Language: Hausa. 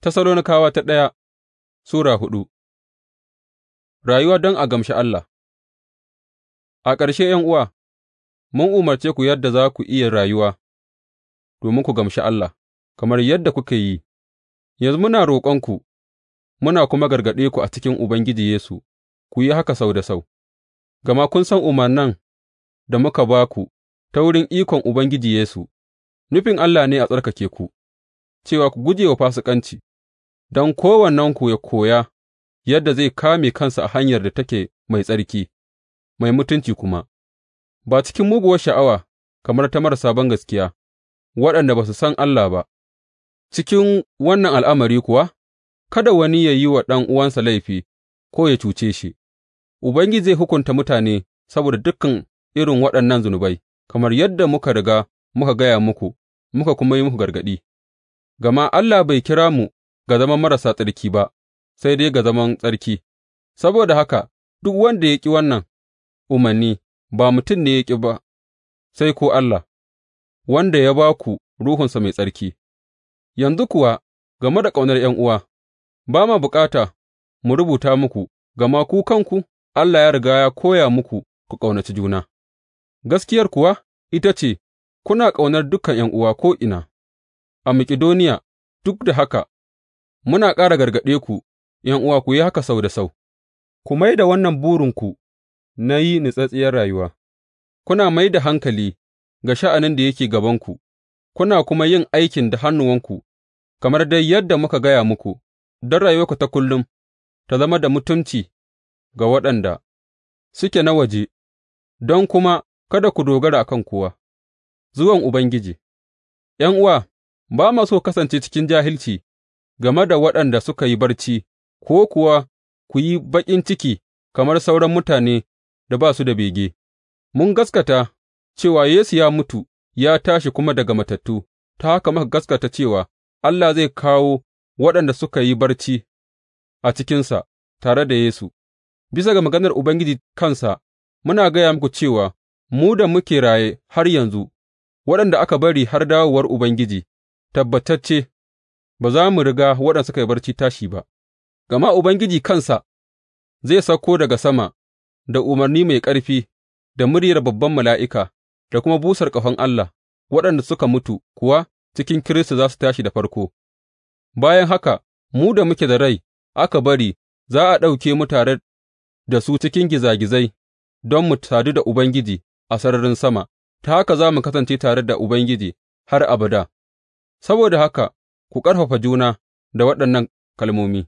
Tessalonikawa ta ɗaya Sura hudu Rayuwa don a gamshi Allah A ƙarshe, uwa? mun umarce ku yadda za ku iya rayuwa domin ku gamshi Allah, kamar yadda kuke yi, yanzu muna roƙonku, muna kuma gargaɗe ku a cikin Ubangiji Yesu, ku yi haka sau da sau, gama kun san umarnan da muka ba ku ta wurin ikon Ubangiji Yesu, nufin Allah ne a tsarkake ku, cewa ku guje wa fasikanci. don kowannenku ya koya yadda zai kame kansa a hanyar da take mai tsarki, mai mutunci kuma, ba cikin muguwar sha'awa kamar ta marasa gaskiya. waɗanda ba su san Allah ba, cikin wannan al'amari kuwa, kada wani ya yi wa ɗan'uwansa laifi ko ya cuce shi, Ubangiji zai hukunta mutane saboda dukkan irin waɗannan zunubai, kamar yadda muka riga muka gaya muku, muka kuma yi muku gargaɗi, gama Allah bai kira mu ga zaman marasa tsarki ba, sai dai ga zaman tsarki, saboda haka duk wanda ya ƙi wannan umarni ba mutum ne ya ƙi ba, sai ko Allah, wanda ya ba ku Ruhunsa mai tsarki, yanzu kuwa game da ƙaunar ’yan'uwa, ba ma bukata mu rubuta muku, gama ku kanku Allah ya riga ya koya muku ku ƙaunaci juna, gaskiyar kuwa ita ce, kuna ƙaunar dukan ’yan'uwa ko'ina a Makidoniya, duk da haka Muna ƙara gargaɗe ku, ’yan'uwa, ku yi haka sau da sau, ku mai da wannan burinku na yi natsattsiyar rayuwa, kuna mai da hankali ga sha'anin da yake gabanku, kuna kuma yin aikin da hannuwanku, kamar dai yadda muka gaya muku, don rayuwarku ta kullum ta zama da mutunci ga waɗanda suke na waje, don kuma kada ku dogara a kan kowa. Zuwan Ubangiji ’Yan'uwa, ba ma so kasance cikin jahilci. game da waɗanda suka yi barci, ko kuwa ku yi baƙin ciki kamar sauran mutane da ba su da bege, mun gaskata cewa Yesu ya mutu ya tashi kuma daga matattu, ta haka muka gaskata cewa Allah zai kawo waɗanda suka yi barci a cikinsa tare da Yesu, bisa ga maganar Ubangiji kansa, muna gaya muku cewa mu da muke raye har yanzu, waɗanda aka bari har dawowar Ubangiji, tabbatacce ba za mu riga waɗanda suka yi barci tashi ba, gama Ubangiji kansa zai sauko daga sama da umarni mai ƙarfi da muryar babban mala'ika da kuma busar ƙahon Allah, waɗanda suka mutu kuwa cikin Kiristi za su tashi da farko, bayan haka mu da muke da rai aka bari za a ɗauke mu tare da su cikin gizagizai don mu sadu da Ubangiji a sararin sama, ta haka za mu kasance tare da Ubangiji har abada. Saboda haka Ku ƙarfafa juna da waɗannan kalmomi.